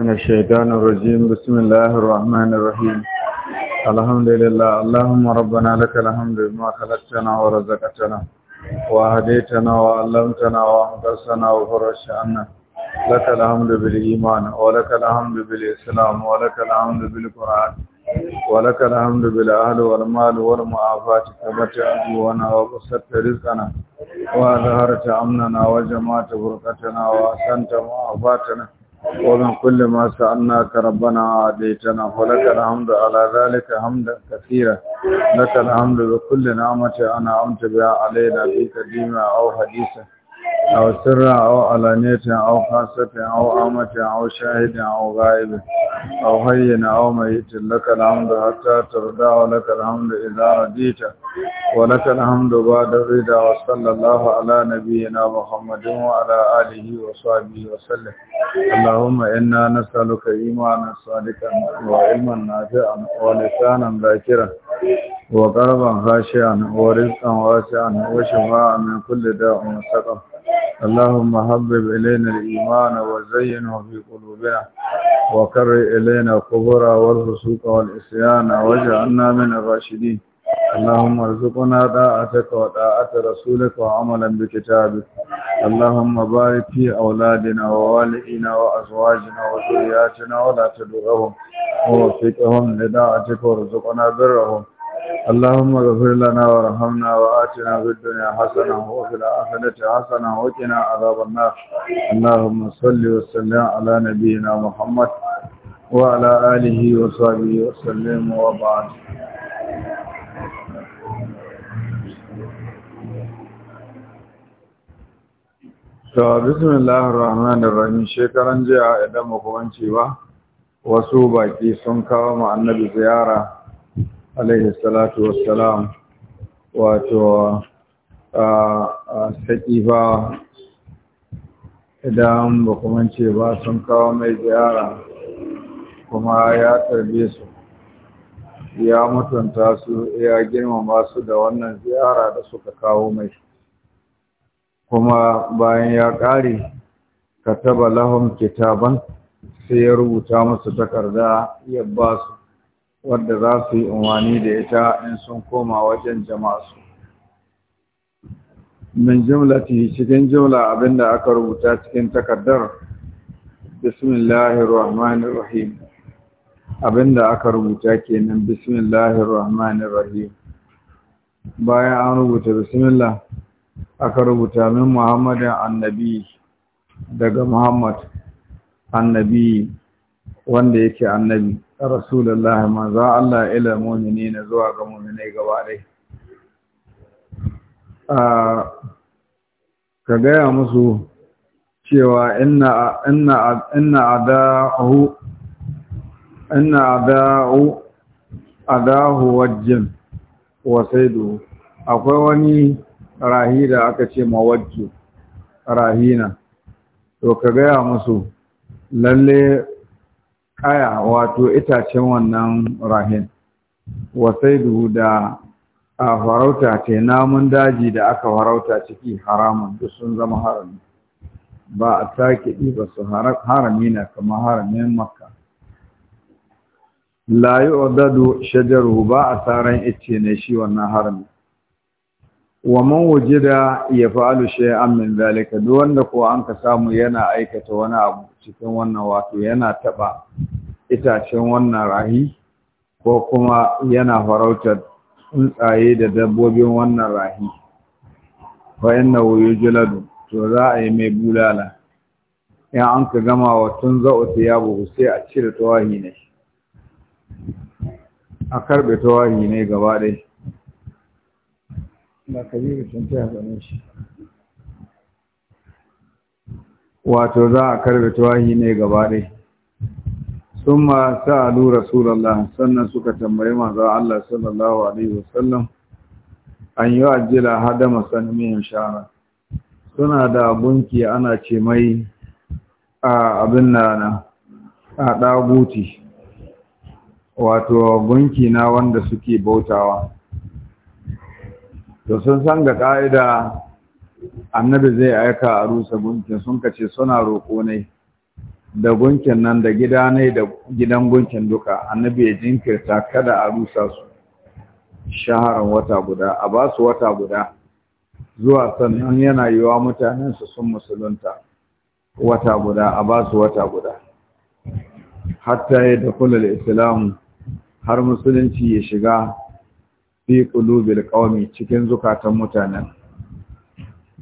من الشيطان الرجيم بسم الله الرحمن الرحيم الحمد لله اللهم ربنا لك الحمد بما خلقتنا ورزقتنا وهديتنا وعلمتنا وانقذتنا وفرشنا لك الحمد بالإيمان ولك الحمد بالإسلام ولك الحمد بالقرآن ولك الحمد بالأهل والمال والمعافات كبت عدونا وبسطت رزقنا وأظهرت أمننا وجمعت بركتنا وأحسنت معافاتنا ومن كل ما سألناك ربنا عديتنا ولك الحمد على ذلك حمدا كثيرا لك الحمد بكل نعمة أنا أمت بها علينا في كديمة أو حديثة أو سرا أو علانية أو خاصة أو أمة أو شاهد أو غائب أو هين أو ميت لك الحمد حتى ترضى ولك الحمد إذا رديت ولك الحمد بعد الرضا وصلى الله على نبينا محمد وعلى آله وصحبه وسلم اللهم إنا نسألك إيمانا صادقا وعلما نافعا ولسانا ذاكرا وقربا خاشعا ورزقا واسعا وشفاء من كل داء وسقم اللهم حبب إلينا الإيمان وزينه في قلوبنا وكره إلينا الكفر والفسوق والإسيان واجعلنا من الراشدين اللهم ارزقنا طاعتك وطاعة رسولك وعملا بكتابك اللهم بارك في أولادنا ووالئنا وأزواجنا وذرياتنا ولا تدرهم ووفقهم لداعتك وارزقنا برهم اللهم اغفر لنا وارحمنا وآتنا في الدنيا حسنة وفي الاخره حسنة وقنا عذاب النار اللهم صل وسلم على نبينا محمد وعلى اله وصحبه وسلم وبعد To, bismillahir rahmanir rahim shekaran jiya idan makamanci ba wasu baki sun kawo mu annabi ziyara alaihi salatu wassalam wato a saki idan ba kuma ce ba sun kawo mai ziyara kuma ya tarbe su ya mutunta su ya girmama su da wannan ziyara da suka kawo mai kuma bayan ya ƙare kataba lahum kitaban sai ya rubuta musu takarda ya ba su wadda za su yi umarni da ita in sun koma wajen su. Min jimlati cikin jimla abinda aka rubuta cikin takardar, Bismillahirrahmanirrahim. Abinda aka rubuta kenan Bismillahirrahmanirrahim. Bayan an rubuta Bismillah, aka rubuta min Muhammadin annabi daga Muhammad annabi wanda yake annabi. rasulullah manzo Allah ila ne zuwa ga mu'minai gaba dai ka gaya musu cewa inna inna inna adahu inna adahu adahu wajjin wa saidu akwai wani rahi da aka ce mawajju rahina to ka gaya musu lalle kaya wato itacen wannan rahin wasai duhu da a farauta ce namun daji da aka farauta ciki haramun da sun zama harami ba a sake ɗiba su harami na kama haramin makka layi odadu shajaru ba a tsaron ice ne shi wannan harami wa man wajida ya fa'alu shay'an min zalika duk wanda ko an ka samu yana aikata wani abu cikin wannan wato yana taba itacen wannan rahi ko kuma yana farautar tsuntsaye da dabbobin wannan rahi fa innahu yujladu to za a yi mai bulala in an ka gama wa tun za'u thiyabu sai a cire tawahi ne a karbe tawahi ne gaba ɗaya ba kabiru sun taya ne shi wato za a karbe tawahi ne gaba ɗai sun ma sa rasulallah sannan suka tambayi manzo Allah sallallahu alaihi wasallam an yi ajila hadama sanmiyin shara suna da gunki ana ce mai a abin na a ɗaguti wato gunki na wanda suke bautawa to sun san ga ka'ida annabi zai aika a rusa gunkin sun kace suna roƙo ne da gunkin nan da gida ne da gidan gunkin duka annabi ya jinkirta kada a rusa su shaharan wata guda a ba su wata guda zuwa sannan yana yiwa mutanen su sun musulunta wata guda a ba su wata guda hatta ya da kulul islam har musulunci ya shiga fi qulubil ƙaumi cikin zukatan mutanen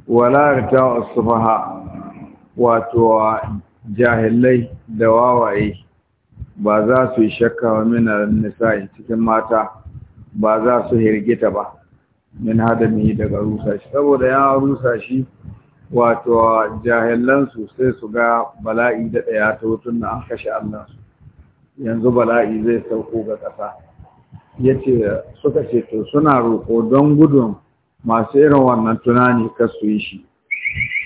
wala ta sufaha wato jahilai da wawaye ba za su shakka wa minan nisa'i cikin mata ba za su hirgita ba min hadami daga rusa shi saboda ya rusa shi wato jahilansu sai su ga bala'i da ɗaya ta wutun na an kashe allansu yanzu bala'i zai sauko ga ƙasa ya ce suka ce to suna roƙo don gudun masu irin wannan tunani kasu yi shi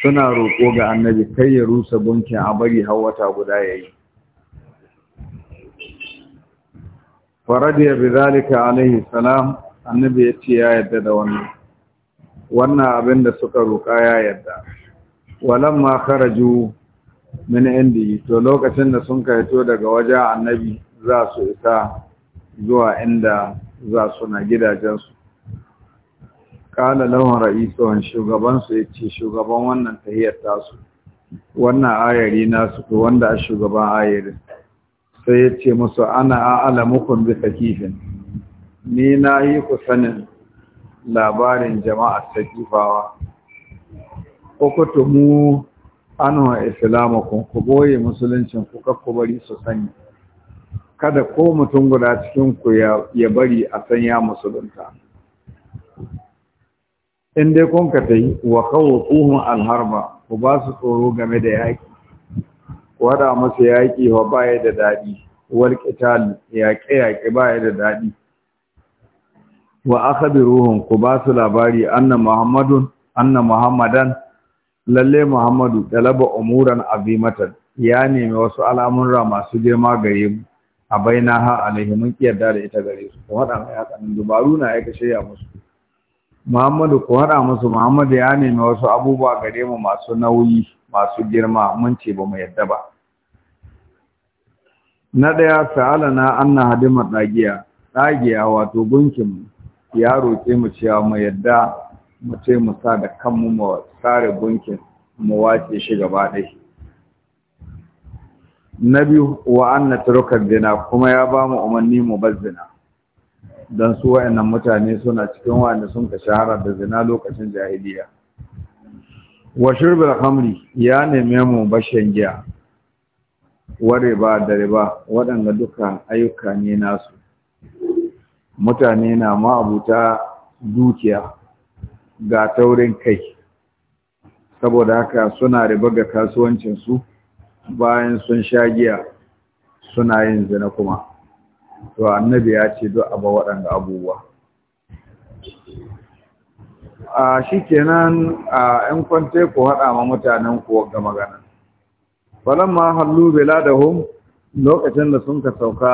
suna roƙo ga annabi kai ya rusa bunkin a bari hawata guda ya yi faradiya bi zalika alaihi salam annabi ya ce ya yadda da wannan wannan abin da suka roƙa ya yadda Walan ma kharaju min indi to lokacin da sun kaito daga wajen annabi za su isa zuwa inda za su na gidajensu kala lahun ra'isuwan shugabansu ya ce shugaban wannan tahiyar tasu wannan ayari nasu to wanda a shugaban ayarin sai ya ce musu ana a'ala mukun bi sakifin ni na yi ku sanin labarin jama'a sakifawa kukutumu anuwa islamakum ku boye musuluncin ku kakku bari su sani kada ko mutum guda cikin ku ya bari a san ya musulunta in dai kun ka tai wa khawfuhum alharba ku ba su tsoro game da yaki ku musu yaki wa baya da dadi wal qital yaqi yaqi baya da dadi wa akhbiruhum ku ba su labari anna muhammadun anna muhammadan lalle muhammadu talaba umuran azimatan ya nemi wasu al'amurra masu girma gare mu a baina ha alaihi mun kiyarda da ita gare su ku haɗa mai tsanin dubaru na aika shirya musu Muhammadu ko hada musu Muhammadu ya nemi wasu abubuwa gare mu masu nauyi masu girma mun ce ba mu yadda ba na ɗaya sa'ala na anna hadima dagiya dagiya wato gunkin ya roƙe mu cewa mu yadda mu ce mu sa da kanmu mu sare gunkin mu wace shi gaba ɗaya na biyu wa an na zina kuma ya ba mu umarni mu bar zina don su wa'annan mutane suna cikin wa'anda sun ka shahara da zina lokacin jahiliya wa shirbil hamri ya neme mu bashan giya wa riba da riba waɗanda duka ayyuka ne nasu mutane na ma'abuta dukiya ga taurin kai saboda haka suna riba ga kasuwancinsu su bayan sun sha giya suna yin zina kuma to annabi ya ce duk ba waɗanda abubuwa a shi kenan a ‘yan kwante ku haɗa ma mutanen ku ga magana falon ma hallu bela da hun lokacin da sun ka sauka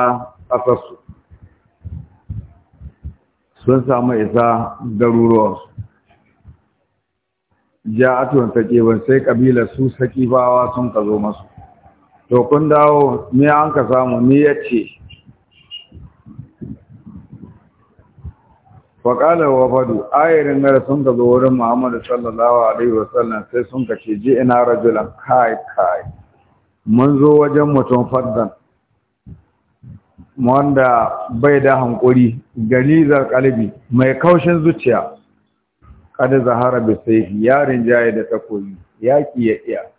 ƙasarsu sun samu isa garuruwarsu ja tuwanta ƙeban sai ƙabilar su sakifawa sun ka zo masu to kun dawo ni an ka samu ni yace wa qala wa fadu ayarin gar sun ka zo wurin Muhammadu sallallahu alaihi wasallam sai sun ka ce ji ina rajulan kai kai mun zo wajen mutum faddan wanda bai da hankuri galizar kalbi mai kaushin zuciya kada zahara bi sai yarin jaye da takobi yaƙi ya iya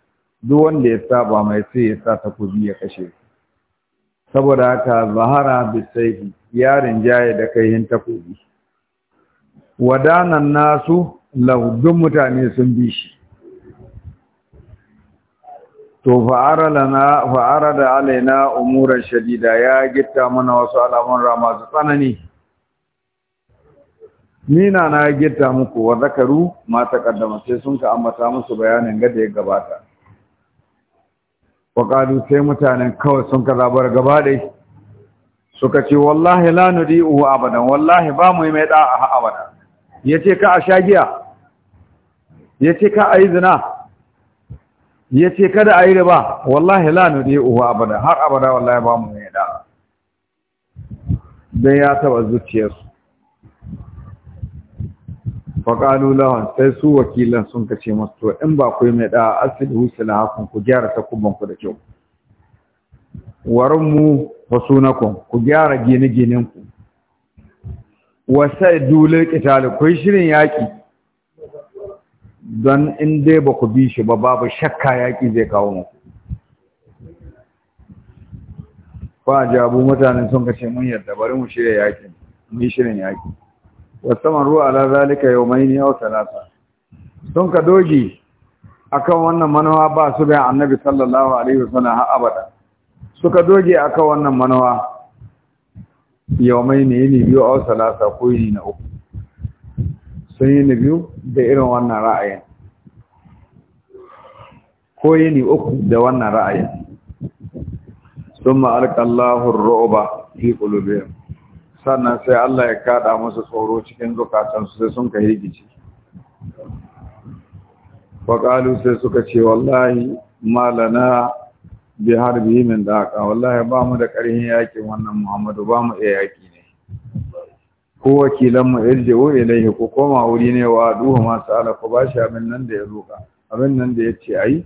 duk wanda ya saba mai sai ya sa takobi ya kashe saboda haka zahara bisaihi yarin jaye da kaihin takobi wadanan nasu lahudun mutane sun bi shi to fa'ara da alaina umuran shadida ya gitta mana wasu al'amura masu tsanani nina na gitta muku wa zakaru mata kaddama sai sun ka ambata musu bayanin gada ya gabata waƙadu sai mutanen kawai sun ka zabar gaba ɗai suka ce wallahi la uwa abadan wallahi ba mu yi mai da'a abada yace ka a shagiya yace ka a yi zina yace kada a yi riba wallahi la uwa abada har abada wallahi ba mu yi da'a Don ya taɓa zuciyarsu faƙalu lawan sai su wakilan sun kace masu to in ba ku yi mai ɗa asid husila hakun ku gyara ku da kyau warin mu fasunakun ku gyara gine ginen ku. Wasai, dule, ƙitali ku yi shirin yaƙi don in dai ba ku bi shi ba babu shakka yaƙi zai kawo mu ba jabu mutanen sun kace mun yarda bari mu shirya yaƙi mu yi shirin yaƙi wasaman ruwa ala zalika yawmaini yau thalatha sun ka a kan wannan manawa ba su bai annabi sallallahu alaihi wasallam ha abada suka doge kan wannan manawa yawmaini ne biyu a wasu thalatha ko ni na uku sun yi ni biyu da irin wannan ra'ayin ko ni uku da wannan ra'ayin sun alqallahu ar-ru'ba fi ƙulubiyar sannan sai Allah ya kada musu tsoro cikin zukatansu sai sun ka hirgici faƙalu sai suka ce wallahi malana bi harbi min daƙa wallahi ba mu da ƙarfin yakin wannan muhammadu ba mu iya yaƙi ne ko wakilanmu irji'u ilaihi ko koma wuri ne wa duhu masu ala ku ba shi abin nan da ya roƙa abin nan da ya ce a yi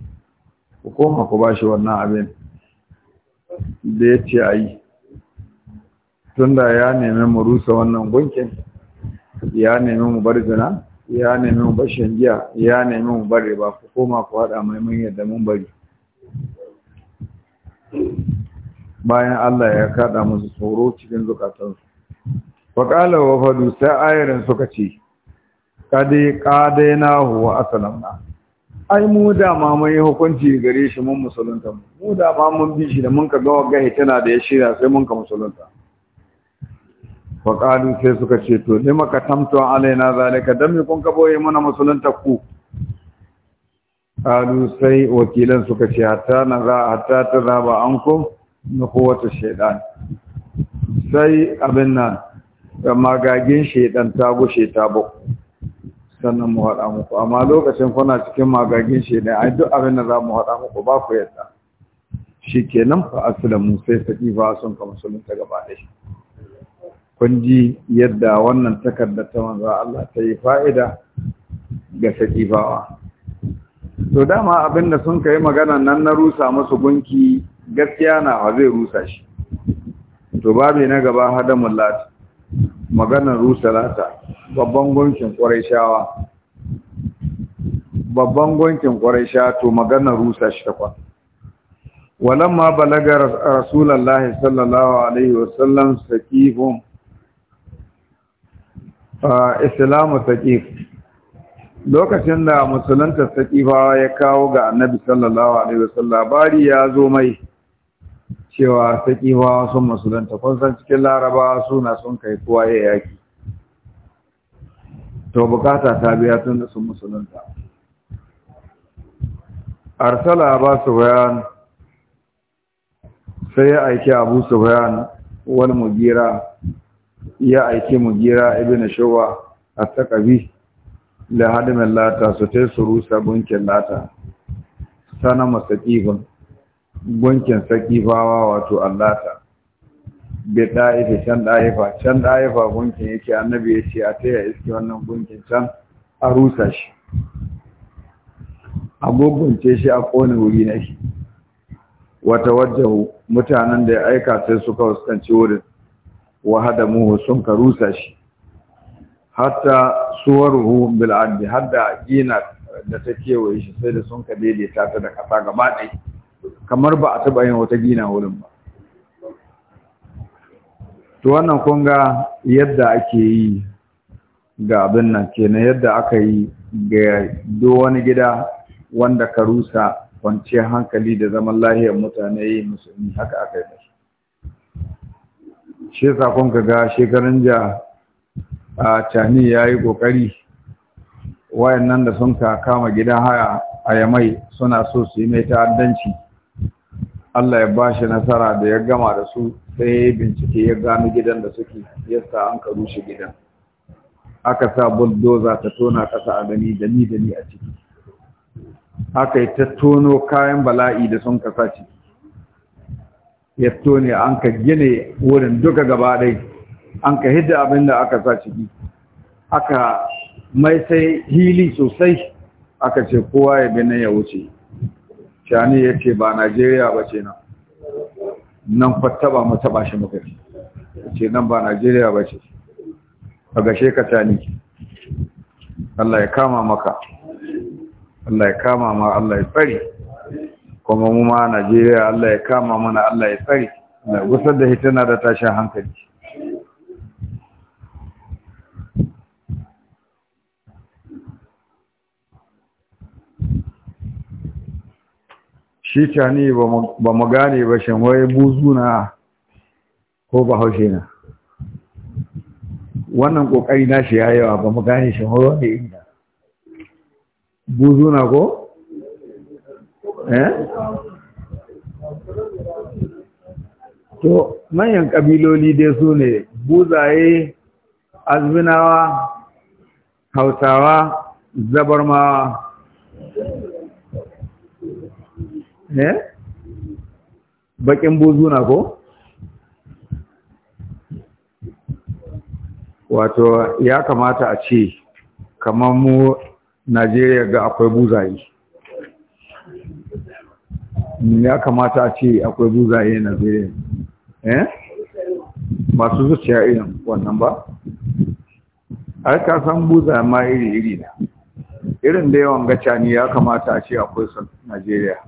ku koma ku ba shi wannan abin da ya ce a yi tunda ya nemi mu rusa wannan gunkin ya nemi mu bar zina ya nemi mu bar shangiya ya nemi mu bar riba ku koma ku haɗa mai mun yadda mun bari bayan Allah ya kaɗa musu tsoro cikin zukatansu wa wafadu sai ayarin suka ce ƙade ƙade na huwa asalamna ai mu ma mun yi hukunci gare shi mun musulunta mu da ma mun bi shi da mun ka gawa gahi tana da ya shirya sai mun ka musulunta faƙalu sai suka ce to ne maka tamtuwa na zalika ka me kun ka kaboye mana musulunta ku ƙalu sai wakilan suka ce hatta na za hatta ta ba an ku na kowace shaidan sai abin nan magagin shaidan ta gushe ta bu sannan mu haɗa muku amma lokacin kuna cikin magagin shaidan ai duk abin da za mu haɗa muku ba ku yadda shi kenan fa mu sai saƙi ba sun ka musulunta gaba ɗaya kun ji yadda wannan takarda ta manzo Allah ta yi fa'ida ga sakifawa to dama abinda sun kai magana nan na rusa musu gunki gaskiya na wa zai rusa shi to babu na gaba hadamul lati magana rusa lata babban gunkin ƙwarai shawa babban gunkin ƙwarai to magana rusa shi ta takwa walamma balaga rasulullahi sallallahu alaihi wasallam sakihum islamu saƙi lokacin da musulunta ba ya kawo ga annabi sallallahu alaihi wasallam bari ya zo mai cewa ba sun musulunta kun san cikin laraba suna sun kai kuwa ya yaki to bukata ta biya tun da sun musulunta arsala ba su bayan sai ya aiki abu su bayan wani mugira ya aiki mu gira ibn shawa a takabi da hadimin lata su ta su rusa gunkin lata sana masakifin gunkin sakifawa wato allata bai ɗa'ife can ɗa'ifa can ɗa'ifa gunkin yake annabi ya ce a ta ya iske wannan gunkin can a rusa shi a gungunce shi a ƙone wuri na shi wata wajen mutanen da ya aika sai suka fuskanci wurin wa hadamuhu sun ka rusa shi hatta suwaruhu bil addi hadda gina da ta kewaye shi sai da sun ka daidaita ta da kasa gaba kamar ba a taba yin wata gina wurin ba to wannan kun ga yadda ake yi ga abin nan kenan yadda aka yi ga duk wani gida wanda ka rusa kwanciyar hankali da zaman lahiyar mutane yi musulmi haka aka yi shi sakon ga shekarun ja a cani ya yi ƙoƙari wayannan da sun ka kama gidan haya a yamai suna so su yi mai ta'addanci Allah ya bashi nasara da ya gama da su sai ya bincike ya gano gidan da suke yasa an ka rushe gidan aka sa bulldozer ta tona ƙasa a gani da ni a ciki Haka yi ta tono kayan bala'i da sun kasa ciki ya ne an ka gine wurin duka gaba ɗai an ka hidda abin da aka sa ciki aka mai sai hili sosai aka ce kowa ya bi nan ya wuce shani ya ce ba najeriya ba ce nan nan mata ba shi muka ce nan ba najeriya ba ce a gashe ka shani Allah ya kama maka Allah ya kama ma Allah ya tsari kuma mu ma Najeriya Allah ya kama mana Allah ya tsare da gusar da hitana da tashin hankali shi cani ba mu gane ba shan wai buzuna ko ba haushe na wannan kokari na shi yawa ba mu gane shan waye inda buzuna ko Eh? to manyan ƙabiloli dai su ne buzaye azminawa hausawa zabarmawa eh bakin buzuna ko wato ya kamata a ce kamar mu najeriya ga akwai buzaye ya kamata a ce akwai buzaye a zai eh masu zuciya irin wannan ba ai ka san buza ma iri iri na irin da yawan gacha ne ya kamata a ce akwai su Najeriya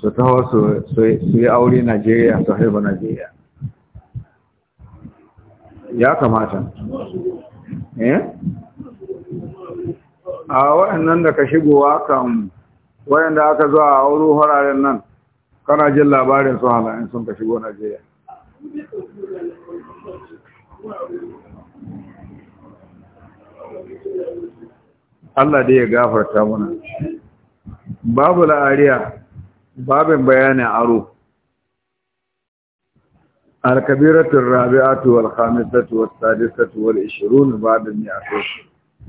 su taho su yi aure Najeriya su haifa Najeriya ya kamata eh a waɗannan da ka shigowa kan wayanda aka zo a wuri hararen nan kana jin labarin su halayen sun ka shigo Najeriya Allah dai ya gafarta muna babu la'ariya babin bayanin aro الكبيرة الرابعة والخامسة والسادسة والعشرون بعد المئة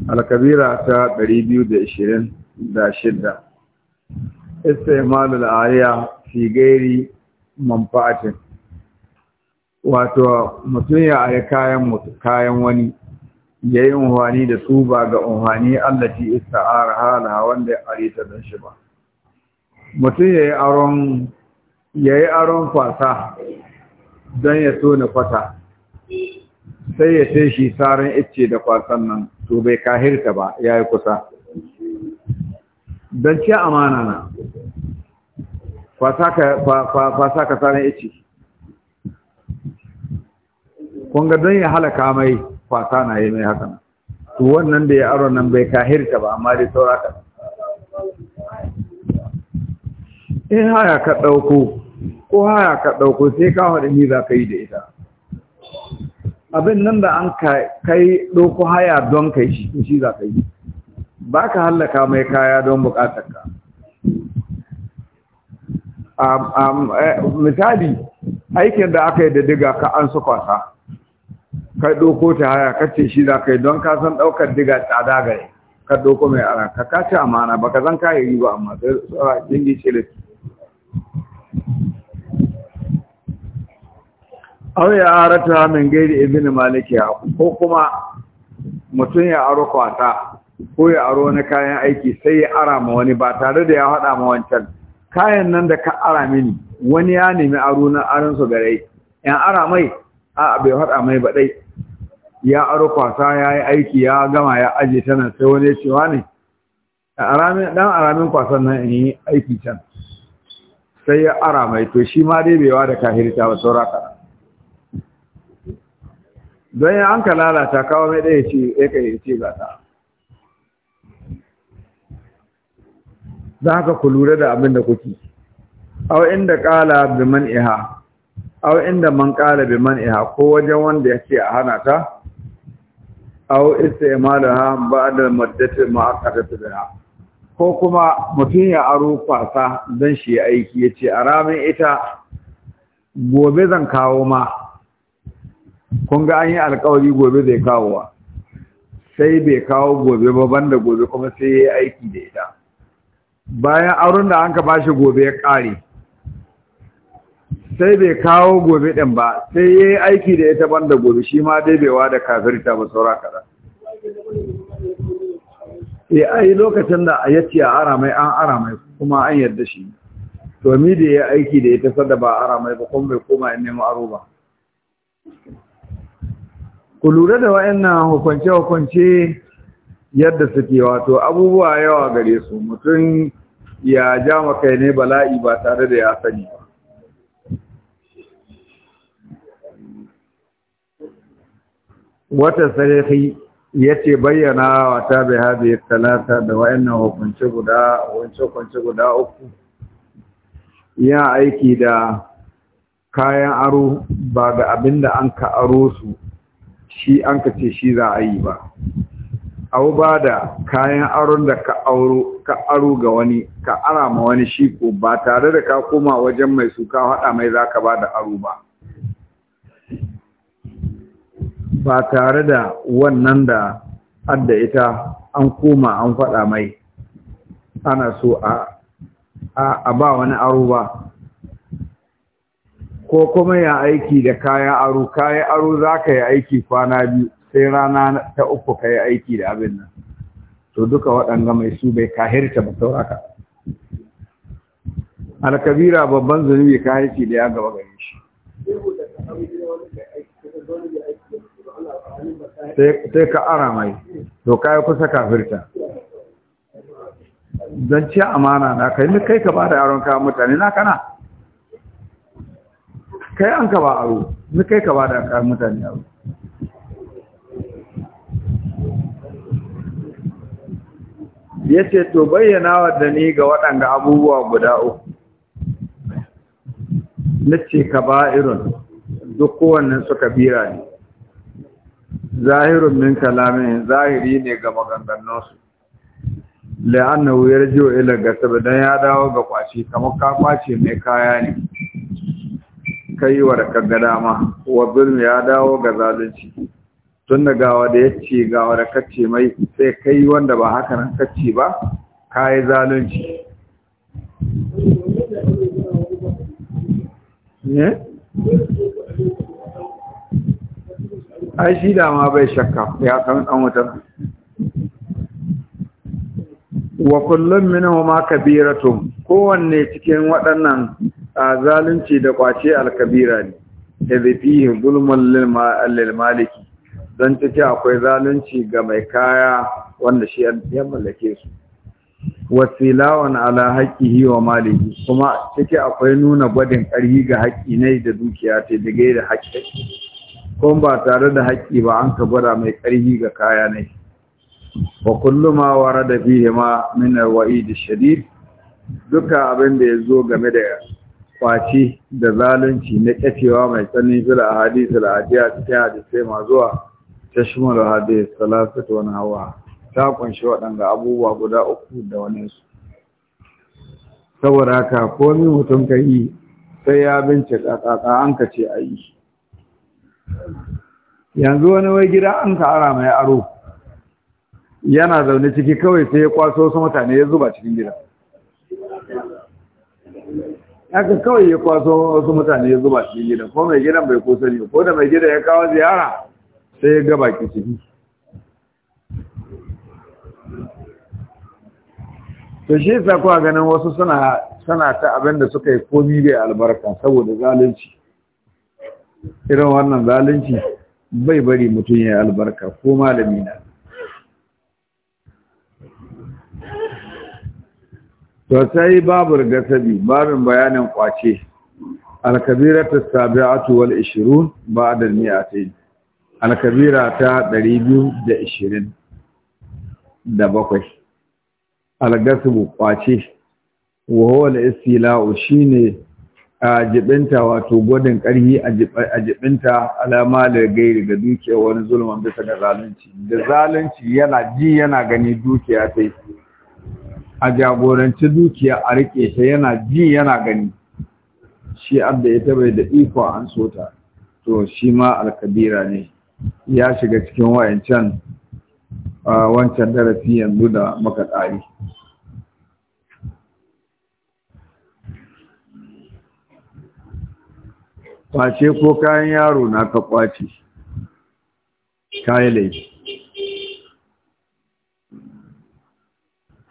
الكبيرة تقريبا عشرين دا شدة istimalul ariya fi gairi manfa'atin wato mutum ya ari kayan kayan wani ya yi unhwani da su ba ga unhwani allaci ista'ar halaha wanda ya ari don shi ba mutum ya yi aron ya yi aron don ya na kwata sai ya sai shi sarin icce da kwasan nan to bai kahirta ba ya yi kusa don ce amana na fasa ka tsarin ice kunga don ya halaka mai fasa na yi mai hakan to wannan da ya aron nan bai kahirta ba amma dai sauraka in haya ka ɗauko ko haya ka ɗauko sai ka haɗe ni za ka yi da ita abin nan da an kai ɗauko haya don kai shi shi za ka yi ba ka hallaka mai kaya don bukatarka eh, misali aikin da aka yi da diga ka an su kwasa ka doko ta haya ka ce shi za ka yi don ka san ɗaukar diga tsada gare ka doko mai ara ka kace amana ba ka zan kayi yi ba amma da tsara jingi ce da aw ya arata min gairi ibn ya ko kuma mutum ya aro kwata ko ya aro wani kayan aiki sai ya ara ma wani ba tare da ya haɗa ma wancan kayan nan da ka ara mini wani ya nemi aro na aron su gare yan ara mai a bai haɗa mai ba dai ya aro kwasa ya yi aiki ya gama ya aje ta nan sai wani ya ce wani dan aramin kwasan nan in yi aiki can sai ya ara mai to shi ma dai bai wa da kahirta ba saura ka. don ya an ka lalata kawo mai ɗaya ce ya kai ce ba ta don haka ku lura da abin da kuke aw inda qala bi man'iha aw inda man qala bi man'iha ko wajen wanda yake a hana ta aw istimalaha ba'da muddati mu'aqqatati biha ko kuma mutum ya aro kwasa dan shi aiki ya ce a ramin ita gobe zan kawo ma kun ga an yi alkawari gobe zai kawo wa? sai bai kawo gobe ba banda gobe kuma sai ya yi aiki da ita bayan auren da an ka bashi gobe ya ƙare sai bai kawo gobe ɗin ba sai ya yi aiki da ita da gobe shi ma dai bai da kafirta ba saura kaɗan Ya eh, ai lokacin da ya ce a ara mai an ara mai kuma an yarda shi to mi da ya aiki da ita sada ba ara mai ba kuma bai koma in nemo aro ba ku lura da wa'annan hukunce-hukunce yadda suke wato abubuwa yawa gare su mutum ya ja makai ne bala'i ba tare da ya sani ba wata sarari ya ce bayyana wa ta bai haɗe talata da wa'annan hukunce guda hukunce guda uku yin aiki da kayan aro ba ga abin da an ka aro su shi an ka ce shi za a yi ba au ba da kayan aron da ka auro ka aro ga wani ka ara ma wani shi ko ba tare da ka koma wajen mai suka hada mai zaka ba da aro ba ba tare da wannan da adda ita an koma an fada mai ana so a a ba wani aro ba ko kuma ya aiki da kayan aro kayan aro za ka yi aiki kwana biyu sai rana ta uku ka yi aiki da abin nan to duka waɗanga mai su bai kahirta ba sauraka alkabira babban zunubi kahirci da ya gaba gare shi sai ka ara mai to ka yi kusa kafirta don ci amana na kai ni kai ka ba da yaron kawo mutane na kana kai an ka ba aro ni kai ka ba da kawo mutane aro yace to bayyanawa da ni ga waɗanda abubuwa guda uku nace kaba'irun duk kowannen su kabira ne zahirun min kalamin zahiri ne ga maganganunsu wa yarji'u ila gasab dan ya dawo ga kwashi kamar ka kwace mai kaya ne kai wa da dama wa ya dawo ga zalunci tun da gawa da ya ce gawa da kacce mai sai kai wanda ba haka nan kacce ba ka yi zalunci ne? ai shi dama bai shakka ya san ɗan wutar wa kullum minahu ma kabiratun kowanne cikin waɗannan zalunci da kwace alkabira ne da zafi zulmun lil malik don ciki akwai zalunci ga mai kaya wanda shi ya mallake su wasilawan ala haƙƙihi wa malihi kuma ciki akwai nuna gwadin ƙarfi ga haƙƙi ne da dukiya ta dige da haƙƙi kuma ba tare da haƙƙi ba an ka gwada mai ƙarfi ga kaya ne wa kullu ma warada fihi ma min al-wa'id shadid duka abin da zo game da kwaci da zalunci na kacewa mai tsanani fil ahadith da adiya ta hadisi ma zuwa ta shumar hadis salasatu wani hawa ta kunshi waɗanda abubuwa guda uku da wani su saboda haka komi mutum ka yi sai ya bincika kaka an ka ce a yi yanzu wani wai gida an ka ara mai aro yana zaune ciki kawai sai ya kwaso wasu mutane ya zuba cikin gida haka kawai ya kwaso wasu mutane ya zuba cikin gida ko mai gidan bai kusa ne ko da mai gida ya kawo ziyara sai ya gaba baki ciki to shi yasa kuwa ganin wasu suna ta abin da suka yi komi da albarka saboda zalunci irin wannan zalunci bai bari mutum ya albarka ko malami na to sai babu gasabi babin bayanin kwace alkabiratu sabi'atu wal 20 ba'da al-mi'atayn alkabira ta ɗari biyu da ishirin da bakwai algasibu kwace wa huwa al shi shine a jibinta wato gwadin ƙarfi a jibinta alama da gairi ga dukiya wani zulman bisa ga zalunci da zalunci yana ji yana gani dukiya ta yi a jagoranci dukiya a riƙe ta yana ji yana gani shi abda ya bai da iko an sota to shi ma alkabira ne ya shiga cikin wayancan wancan darasi yanzu da muka tsari. kwace ko kayan yaro na ka kwace kayan laifi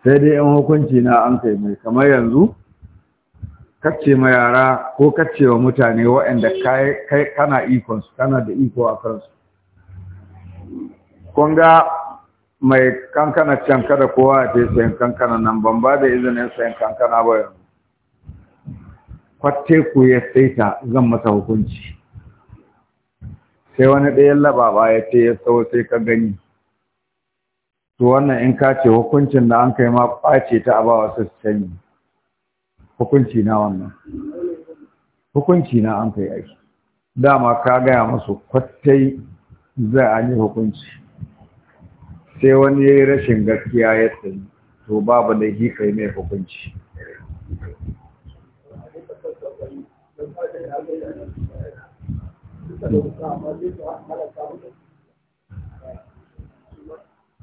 sai dai yan hukunci na an kai mai kamar yanzu kacce ma yara ko kacce wa mutane waɗanda kana ikonsu kana da iko a kansu kun ga mai kankana can kada kowa ya fi sayan kankana nan ban ba da izinin sayan kankana ba yanzu kwatte ku ya saita zan masa hukunci sai wani ɗayan lababa ya ce ya tsawo sai ka gani to wannan in ka ce hukuncin da an kai ma ɓace ta abawa su canyi hukunci na wannan hukunci na an kai aiki dama ka gaya musu kwatte za a yi hukunci sai wani ya yi rashin gaskiya ya sayi to babu da yi mai hukunci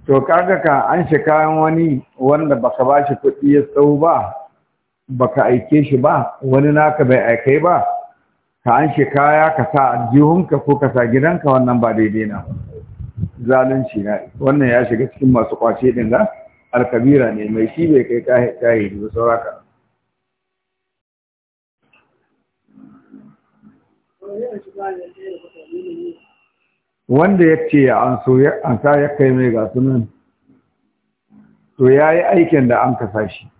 to kaga ka an shi kayan wani wanda baka ba shi kuɗi ya tsawo ba baka aike shi ba wani naka bai aika ba ka an shi kaya ka sa jihunka ko ka sa gidanka wannan ba daidai na zalunci na wannan ya shiga cikin masu kwace din ga alkabira ne mai shi bai kai kahi kahi da sauraka wanda ya ce an so an sa ya kai mai gasu nan to ya yi aikin da an kasa shi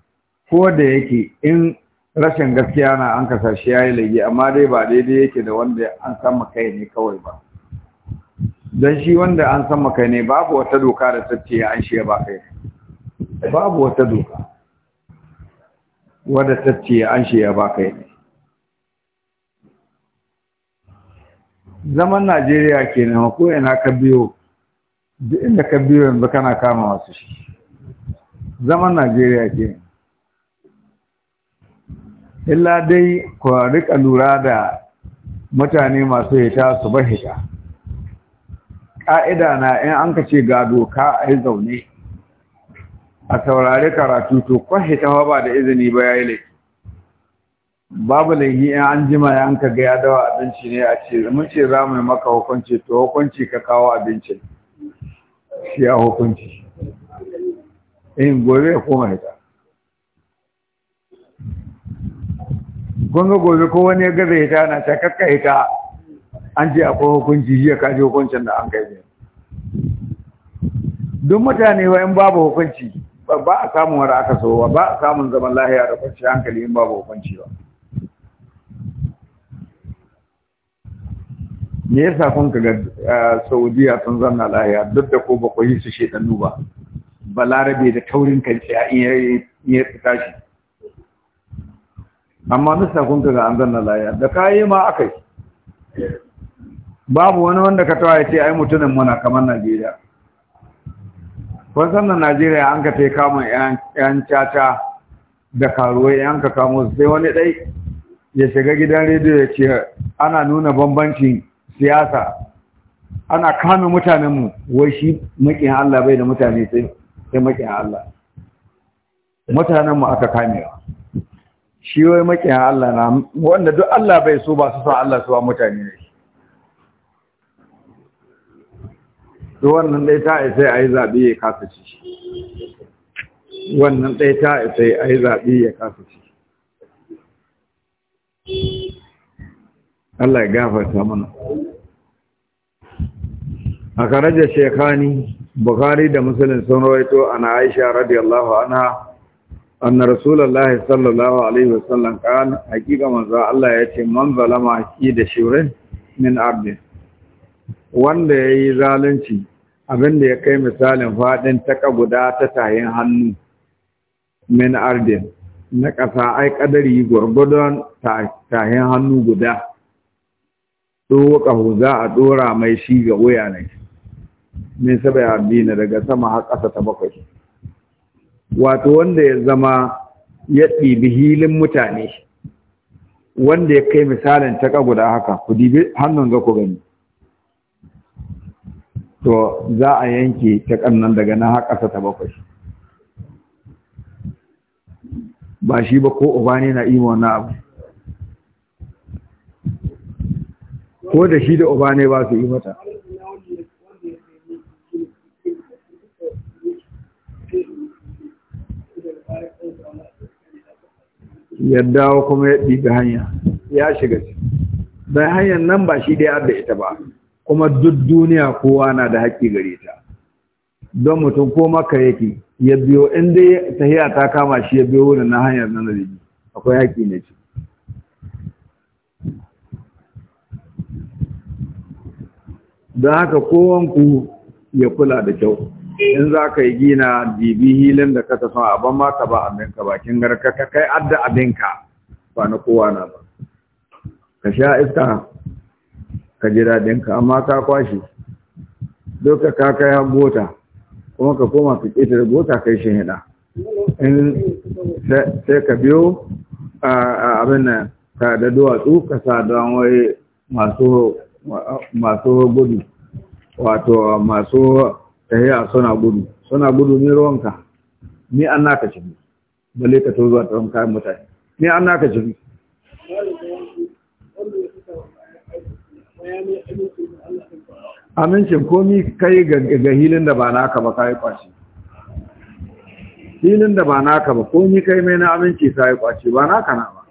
ko da yake in rashin gaskiya na an kasa shi ya yi laifi amma dai ba daidai yake da wanda an sama kai ne kawai ba don shi wanda an san maka ne babu wata doka da tattaye an shi ya ba kai babu wata doka wadda tattaye an shi ya ba kai zaman najeriya ke nan ko ina ka biyo duk inda ka biyo yanzu kana kama wasu shi zaman najeriya ke illa dai ku rika lura da mutane masu hita su bar hita ƙa'ida na ‘yan an ka ce ga doka a yi zaune a saurari karatu to kwashe ta ba da izini ba ya yi laifi babu laifi ‘yan an jima ya an ka ga ya dawa abinci ne a ce zama ce za mu maka hukunci to hukunci ka kawo abincin shi ya hukunci in gobe ya koma hita gonga gobe ko wani ya gaza hita na ta kakka hita an ce akwai hukunci jiya kaji hukuncin da an kai ne duk mutane wa in babu hukunci ba a samun wanda aka so ba a samun zaman lahiya da kwanci hankali in babu hukunci ba me sa kun ka ga eh, saudiya sun zanna lahiya duk da ko ba ku yi su shedannu ba balarabe da taurin kanci a in ya tashi amma nusa kun ga an zanna lahiya da kayi ma aka yi babu wani wanda ka tawa ya ce ai mutumin muna kamar Najeriya kwanzan na Najeriya an ka ta kama yan caca da karuwai yan ka kamo sai wani ɗai ya shiga gidan rediyo ya ce ana nuna bambancin siyasa ana kame mutanenmu wai shi makin Allah bai da mutane sai makin Allah mutanenmu aka kamewa shi wai makin Allah na wanda duk Allah bai so ba su san Allah su ba mutane ne to wannan dai ta isa a yi zaɓe ya kasa ci wannan dai ta isa a yi ya kasa ci Allah ya gafarta mana a karajar shekani bukari da musulun sun rawaito ana aisha radiyallahu anha anna rasulullahi sallallahu alaihi wasallam kan hakika manzo Allah ya ce man zalama haki da shirin min abdin wanda yayi zalunci abin da ya kai misalin faɗin taka guda ta tayin hannu min ardin na ƙasa ai ƙadari gwargwadon tayin hannu guda tsohon za a ɗora mai shi ga wuya ne min saba ya na daga sama har ƙasa ta bakwai wato wanda ya zama ya ɗibi hilin mutane wanda ya kai misalin taka guda haka ku dibi hannun ga ku gani to za a yanke ta kannan daga na haƙasa ta bakwai ba shi ba ko uba ne na imo na abu ko da shi da uba ne ba su yi mata yadda kuma ya ɗiɓi hanya ya shiga ci hanyar nan ba shi dai da ita ba kuma duk duniya kowa na da haƙƙi gare ta don mutum ko maka yake ya biyo in dai tahiya ta kama shi ya biyo wurin na hanyar nan nazari akwai haƙƙi ne ce don haka kowanku ya kula da kyau in za ka yi gina dibi hilin da ka tafa abin ma ka ba abinka bakin garka ka kai adda abinka ba na kowa na ba ka sha iska ka ji daɗinka amma ka kwashe doka ka kai har gota kuma ka koma ka ƙetare gota kai shi hida in sai ka biyo a abin nan ka da duwatsu ka sa don wai masu gudu wato masu tahiya suna gudu suna gudu ni ruwanka ni an naka ciki balle ka to zuwa tsaron kayan mutane ni an naka ciki amincin komi kai ga hilin da ba naka ba kai kwashi hilin da ba naka ba komi kai mai na aminci kai kwashe ba naka na ba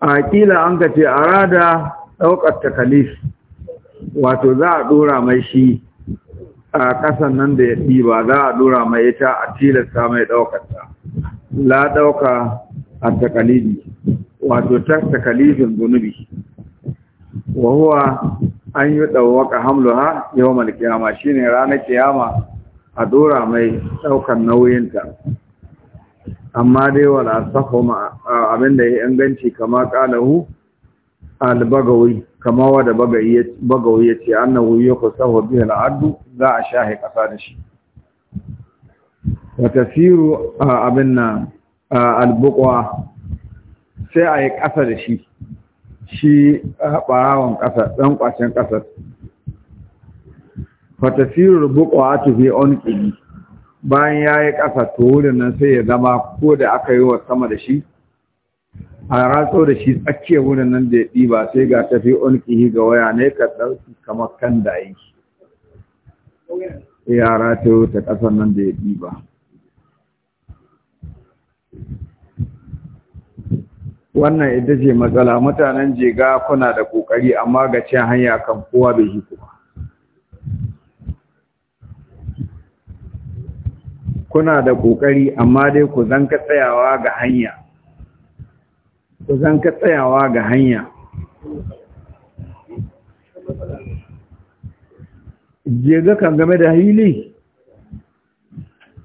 a kila an ka ce a rada ɗaukar takalif wato za a ɗora mai shi a ƙasan nan da ya ba za a ɗora mai ita a tilasta mai ɗaukarta la ɗauka a takalifi wato ta takalifin zunubi wa huwa an yi ɗauwaka hamluha yau mal kiyama shine ranar kiyama a dora mai ɗaukar nauyinta amma dai wala safa abinda ya inganci kama ƙalahu albagawi kama wada bagawi ya ce annahu ku kusahu biyu al'adu za a shahi ƙasa da shi wata firu abin nan albukwa sai a yi ƙasa da shi shi ɓarawon ƙasa ɗan ƙasa. ƙasar fatasirur buƙwa ta on onƙini bayan ya yi ƙasa to wurin nan sai ya zama ko da aka yi wa sama da shi a ratso da shi tsakiyar wurin nan da ya ɗiba sai ga tafi onƙihi ga waya ne ka ɗauki kamar kan da yi ya ta ta ƙasar nan da ya ɗiba wannan ita ce matsala mutanen jega kuna da kokari amma ga cin hanya kan kowa bai yi kuma kuna da kokari amma dai ku zanka tsayawa ga hanya ku zanka tsayawa ga hanya jega kan game da hili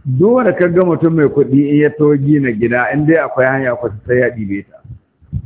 dole ka ga mutum mai kuɗi in ya to gina gida in dai akwai hanya ku sai ya ɗibe ta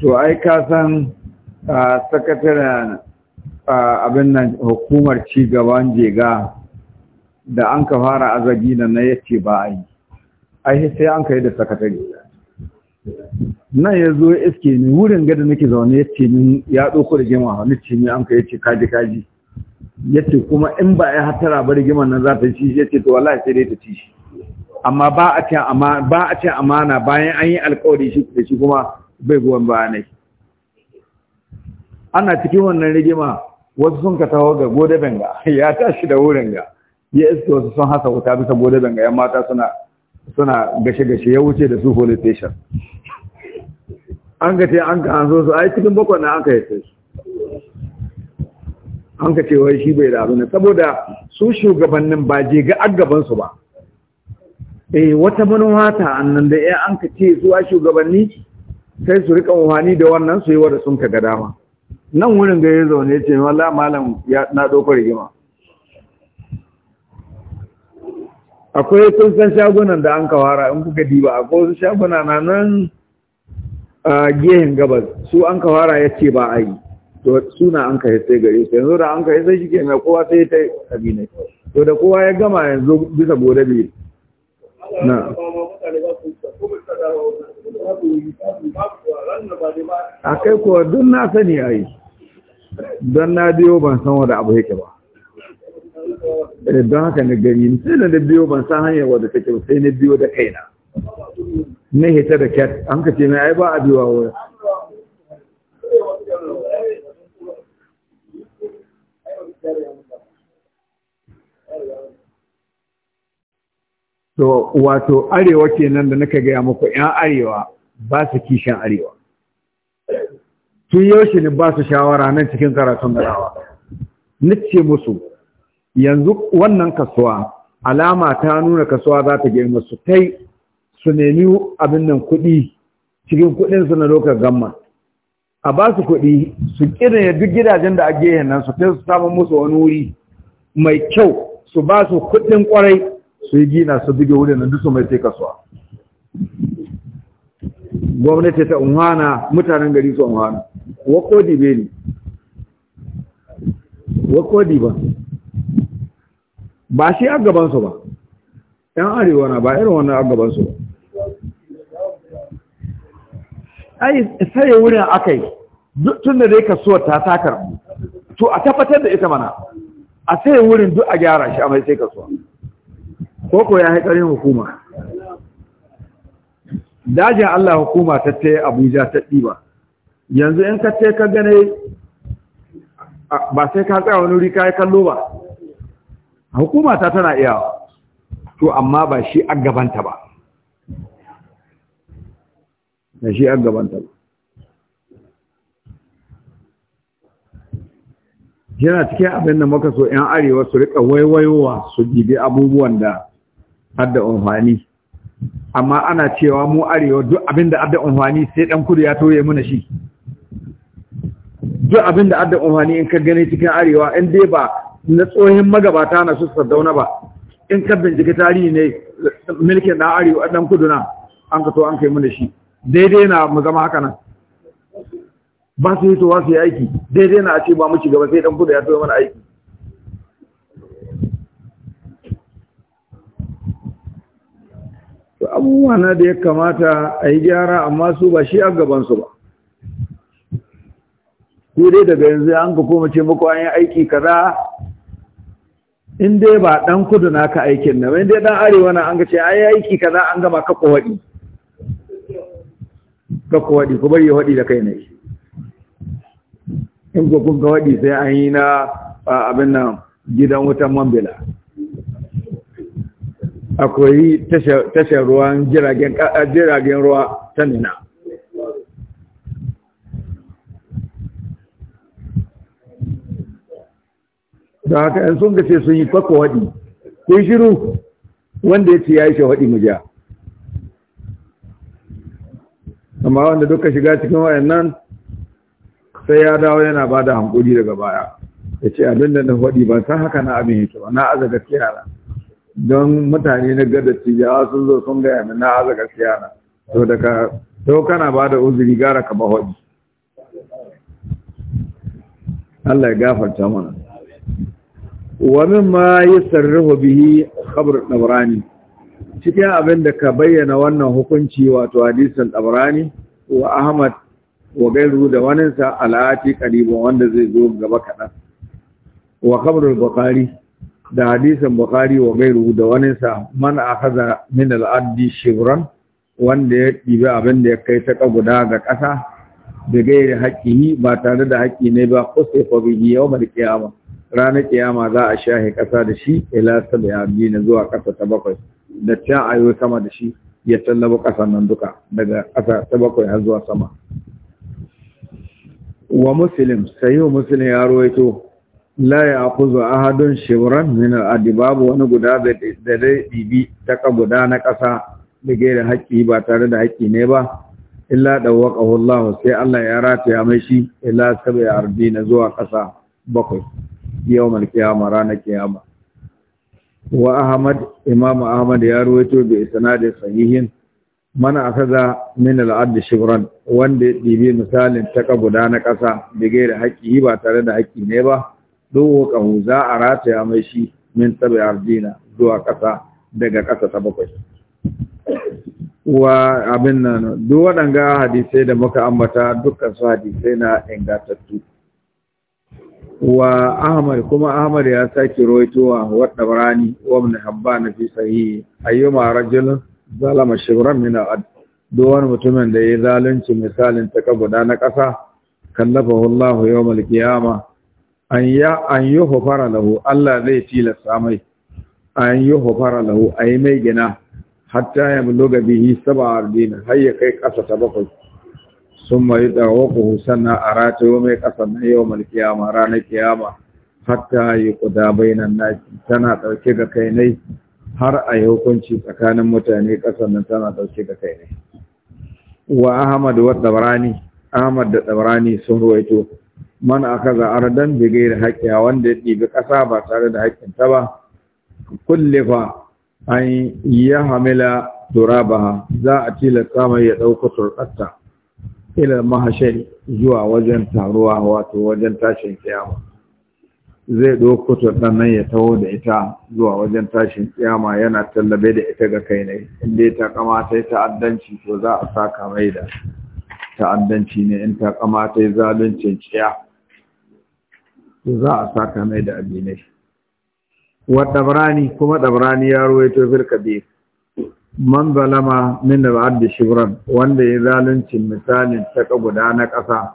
to ai ka san sakataren abin nan hukumar ci gaban jega da an ka fara azagi na na yace ba a yi ai sai an ka yi da sakatare nan ya zo iske ni wurin gada nake zaune ya ce ni ya ɗauko da gima wani ce ni an ka yace kaji kaji ya ce kuma in ba ya hatara ba rigima nan za ta ci ya ce to wallahi sai dai ta ci shi amma ba a ce amana bayan an yi alkawari shi da shi kuma bai goyon bayanai ana cikin wannan rigima wasu sun katawa ga gode benga ya tashi da wurin ga ya iske wasu sun hasa wuta bisa gode benga yan mata suna suna gashe-gashe ya wuce da su police an ga ce an ka an su su yi cikin bakwai na an ka yace su an ka ce wai shi bai da abin saboda su shugabannin ba je ga agaban su ba eh wata manuwa ta annan da ya an ka ce su a shugabanni sai su rika wani da wannan su yi wa da sun ka ga dama nan wurin ga ya zaune ya ce wala malam na ɗaukar rigima akwai kun san shagunan da an kawara in kuka diba akwai wasu shaguna na nan a gehen gabas su an kawara ya ce ba a yi to suna an kai sai gare su yanzu da an kai sai shike mai kowa sai ta abinai to da kowa ya gama yanzu bisa godabe na a kai kuwa don na sani a yi don na biyo ban san wadda abu yake ba eh, don haka na gani sai na da biyo ban san hanyar wadda take sai na biyo da kaina na hita da cat an ka ce na ai ba a biyo wurin to wato arewa kenan da naka gaya muku yan arewa ba su kishin arewa tun yaushe ne ba su shawara nan cikin karatun garawa nace musu yanzu wannan kasuwa alama ta nuna kasuwa za ta girma su kai su nemi abin nan kuɗi cikin kuɗin su na lokar gamma a ba su kuɗi su ya duk gidajen da a gehen nan su kai su samun musu wani wuri mai kyau su ba su kuɗin ƙwarai su yi gina su buge wurin nan duk su mai sai kasuwa gwamnati ta unhana mutanen gari su unhana wakodi be ne wakodi ba ba shi a gabansu ba ‘yan arewa na ba irin wannan a gabansu ba ai sai wurin akai tun da dai ka so ta takar to a tabbatar da ita mana a sai wurin duk a gyara shi a mai sai so ko ko ya haƙarin hukuma dajin Allah hukuma ta ta Abuja ta ɗiba yanzu in ka ce ka gane ba sai ka tsaye wani rika ka yi kallo ba hukuma ta tana wa? to amma ba shi an gabanta ba ba shi an gabanta ba yana cikin abin da muka so 'yan arewa su riƙa waiwaiwa su ɗibi abubuwan da har da amfani amma ana cewa mu arewa duk abinda adda umarni sai dan kudu ya toye muna shi duk abinda adda umarni in ka gane cikin arewa in dai ba na tsohon magabata na su sardauna ba in ka bincike tarihi ne milkin na arewa dan kudu na an ka to an kai muna shi daidai na mu zama haka nan ba su yi to su yi aiki daidai na a ce ba mu ci gaba sai dan kudu ya toye mana aiki abubuwa na da ya kamata a yi gyara amma su ba shi a gabansu ba ku dai daga yanzu an ka koma ce muku an yi aiki kaza in dai ba dan kudu na ka aikin nan in dai dan arewa na an ga ce yi aiki kaza an gama ka kowadi ka kowadi ku bari ya wadi da kai ne in ku kun ka wadi sai an yi na abin nan gidan wutan mambila akwai tashar ruwan jiragen eh, ruwa ta nuna da haka yan sun gace sun yi kwakwa waɗi yi shiru wanda ya ce ya yi waɗi mu ja amma wanda duka shiga cikin wayannan sai ya dawo yana ba da hankuli daga baya ya ce abin da na faɗi ba san haka na abin yake ba na aza gaskiya don mutane na gada cijawa sun zo sun gaya min na azaka gaskiya na to daga to kana ba da uzuri gara ka mahoji Allah ya gafarta mana wa min ma yusarrihu bihi khabar dabrani cikin abin da ka bayyana wannan hukunci wato hadisin dabrani wa ahmad wa gairu da waninsa alati qariban wanda zai zo gaba kadan wa khabar al-bukhari da hadisin bukhari wa gairu da wani sa man akhadha min al-addi wanda ya ɗibi abin da ya kai ta guda ga ƙasa da gairi haƙƙi ba tare da haƙƙi ne ba kusa fa bihi yawmal ranar ƙiyama za a shahe ƙasa da shi ila sabi abdi na zuwa ƙasa ta bakwai da ta ayo sama da shi ya tallaba ƙasan nan duka daga ƙasa ta bakwai har zuwa sama wa muslim wa muslim ya ruwaito la ya kuzo ahadun shibran min al'adi babu wani guda da zai ɗibi taka guda na ƙasa da gera haƙƙi ba tare da haƙƙi ne ba illa da waƙahu sai Allah ya rataya mai shi illa sabai ardi na zuwa ƙasa bakwai yau mal kiyama ranar kiyama wa Ahmad Imam Ahmad ya ruwaito bi da sahihin man akaza min al'ad shibran wanda ya ɗibi misalin taka guda na ƙasa da gera haƙƙi ba tare da haƙƙi ne ba dowokahu za a rataya mai shi min tabi ardina zuwa kasa daga ƙasa ta bakwai wa abin nan duk waɗanga hadisai da muka ambata dukkan su hadisai na ingantattu wa ahmad kuma ahmad ya sake rawaitowa wa dabrani wa ibn habban fi sahihi ayyuma rajul zalama shibran min al duk wani mutumin da ya zalunci misalin ta guda na ƙasa kallafahu Allah al qiyamah an ya an yi hufara lahu Allah zai tilasta mai an yi hufara lahu a yi mai gina hatta ya buluga bihi saba ardina har ya kai ƙasa ta bakwai sun mai kuhu, sannan a ratayo mai ƙasa na yau mal kiyama ranar kiyama hatta yi kuda bainan naki tana ɗauke ga kai ne har a yi hukunci tsakanin mutane ƙasar nan tana ɗauke ga kai wa ahmad wa ahmad da dabrani sun ruwaito man akaza ardan bi ghairi haqqiha wanda ya ɗibi ƙasa ba tare da haƙƙin ta ba kullifa an ya hamila turabaha za a tilasta mai ya ɗauka turɓarta ila mahashin zuwa wajen taruwa wato wajen tashin kiyama zai ɗauko turɗan nan ya taho da ita zuwa wajen tashin kiyama yana tallabe da ita ga kai ne inda ta taƙama ta ta'addanci to za a saka mai da ta'addanci ne in ta yi zaluncin ciya za a saka mai da abinai wa dabrani kuma ɗabrani ya ruwaito fil kabir man zalama min da ba'ad shibran wanda ya zalunci misalin ta guda na ƙasa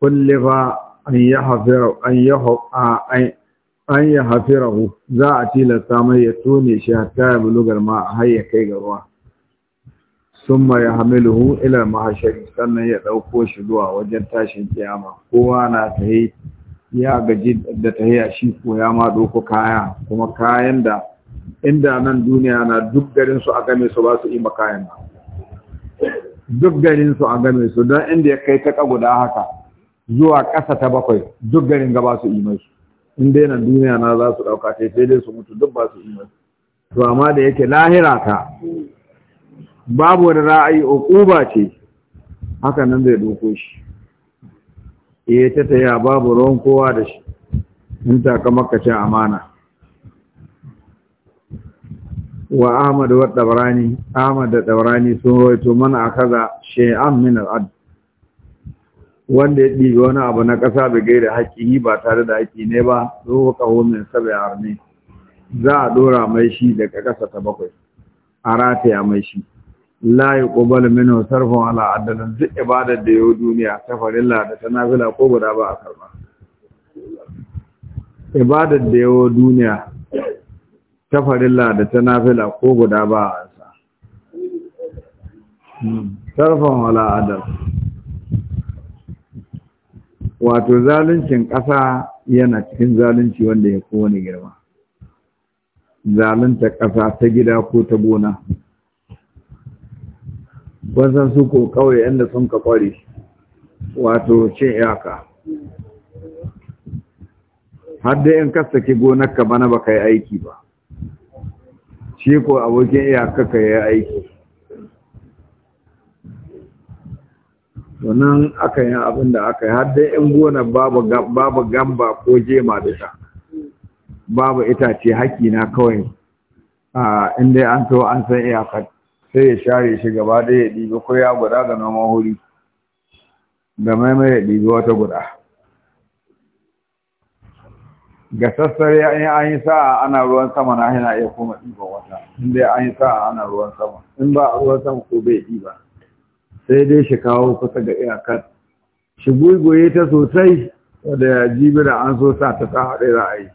kullifa an yahfira an yahfa za a tilasta mai ya tone shi hatta ya bulugar ma har ya kai ga ruwa Sun summa yahmiluhu ila mahashari sannan ya dauko shi zuwa wajen tashin kiyama kowa na tayi ya gaji da tahiya shi ko ya ma doko kaya kuma kayan da inda nan duniya na duk garin su a game su ba su ima kayan ba duk garin su a game su don inda ya kai ta guda haka zuwa ƙasa ta bakwai duk garin ga ba su ima su in yana duniya na za su ɗauka ta sai dai su mutu duk ba su ima su to amma da yake lahira ta babu wani ra'ayi ba ce haka nan zai doko shi eh ta taya babu ruwan kowa da shi in taka amana wa Ahmad wa Dabrani Ahmad da Dabrani sun roito mana kaza shay'an min al wanda ya ɗibi wani abu na ƙasa bai haƙi haƙƙi ba tare da haƙƙi ne ba zuwa ƙaho min sabai arni za a ɗora mai shi daga ƙasa ta bakwai a rataya mai shi la yuqbalu minhu sarfun ala adadin duk ibadar da yau duniya ta farilla da ta nafila ko guda ba a karba ibadar da yau duniya ta farilla da ta nafila ko guda ba a sa hmm. sarfin ala adad wato zaluncin ƙasa yana cikin zalunci wanda ya kowane girma zalunta ƙasa ta gida ko ta gona san su ko kawai inda sun ka kware wato cin iyaka har da in gonar ka bana ba yi aiki ba shi ko abokin iyaka ka yi aiki Wannan aka yi abin da aka yi har da in gonar babu gamba ko jema da ta, babu itace haƙi na kawai a ah, inda an to an san iyakar sai ya share shi gaba ɗaya ya ɗibi ko ya guda ga noman huri da maimai ya ɗibi wata guda ga sassare in an yi sa'a ana ruwan sama na yana iya kuma ɗiban wata in dai an yi sa'a ana ruwan sama in ba a ruwan sama ko bai ɗiba sai dai shi kawo kusa ga iyakar shi gwigoye ta sosai wadda jibira an so sa ta sa haɗe ra'ayi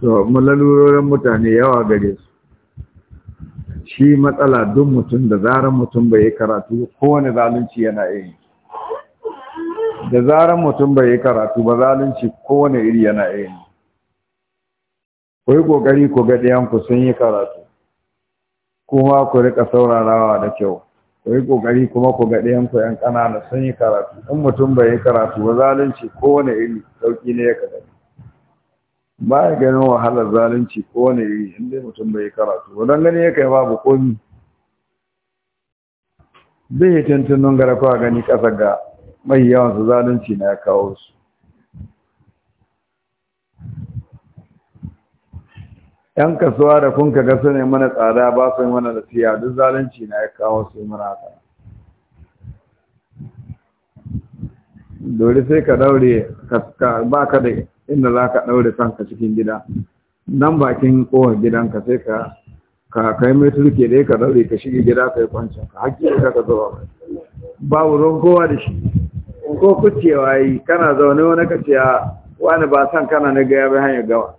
to malalurorin mutane yawa gare su shi matsala duk mutum da zarar mutum bai yi karatu kowane zalunci yana iri da zarar mutum bai yi karatu ba zalunci kowane iri yana yi ku yi ƙoƙari ku ga ɗayanku sun yi karatu kuma ku rika saurarawa da kyau ku yi ƙoƙari kuma ku ga ɗayanku ‘yan ƙanana sun yi karatu in mutum bai yi karatu ba zalunci kowane iri sauki ne ya ka ba ya ganin wahalar zalunci ko wani iri inda mutum bai karatu wadon gani ya kai babu komi zai yi tuntunan garafa gani kasa ga mai yawan su zalunci na ya kawo su yan kasuwa da kun kaga su ne mana tsada ba su yi mana da siya duk zalunci na ya kawo su mana haka dole sai ka daure ba ka da inda za ka ɗaure kanka cikin gida nan bakin kowar gidanka sai ka ka kai mai turke dai ka ɗaure ka shige gida ka yi kwancin ka haƙƙi ka ka zuwa babu ruwan kowa da shi ko kucewa yi kana zaune wani ka ce wani ba san kana na gaya bai hanyar gawa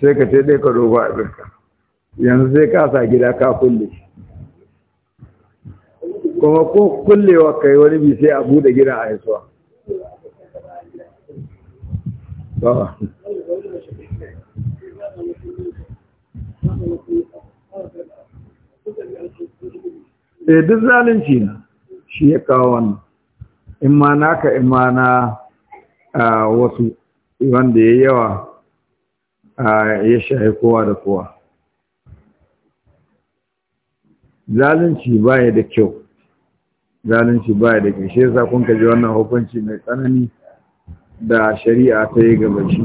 sai ka ce dai ka roba a birka yanzu sai ka sa gida ka kulle kuma ko kullewa kai wani bi sai a buɗe gidan a haisuwa E eh duk zalunci na shi ya kawo wannan in ma naka in ma na wasu wanda ya yawa ya shahi kowa da kowa zalunci baya da kyau zalunci baya da kyau shi kun kaji wannan hukunci mai tsanani da shari'a ta yi gaba shi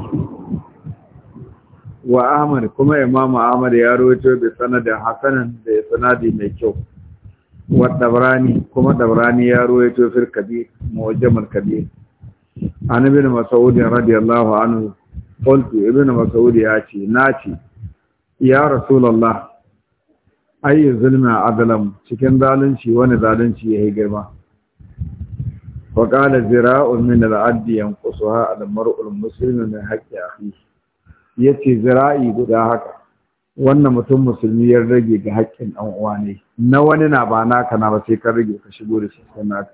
wa ahmad kuma imam ahmad ya rawaito bi sanadin hasanan da ya sanadi mai kyau wa dabrani kuma dabrani ya rawaito fil kabir muwajjamal kabir an ibn mas'ud radiyallahu anhu qultu ibn mas'ud ya ce na ce ya rasulullah ayi zulma adalam cikin zalunci wani zalunci yayi girma وقال ذراع من العد ينقصها المرء المسلم من حق اخيه yace zira'i guda haka wannan mutum musulmi ya rage ga haƙƙin ɗan uwa ne na wani na ba naka na ba sai ka rage ka shigo da shi sai naka